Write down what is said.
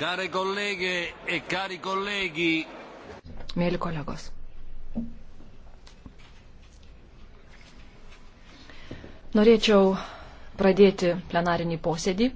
Care kolegė e cari kolegi. Mėly kolegos. Norėčiau pradėti plenarinį posėdį.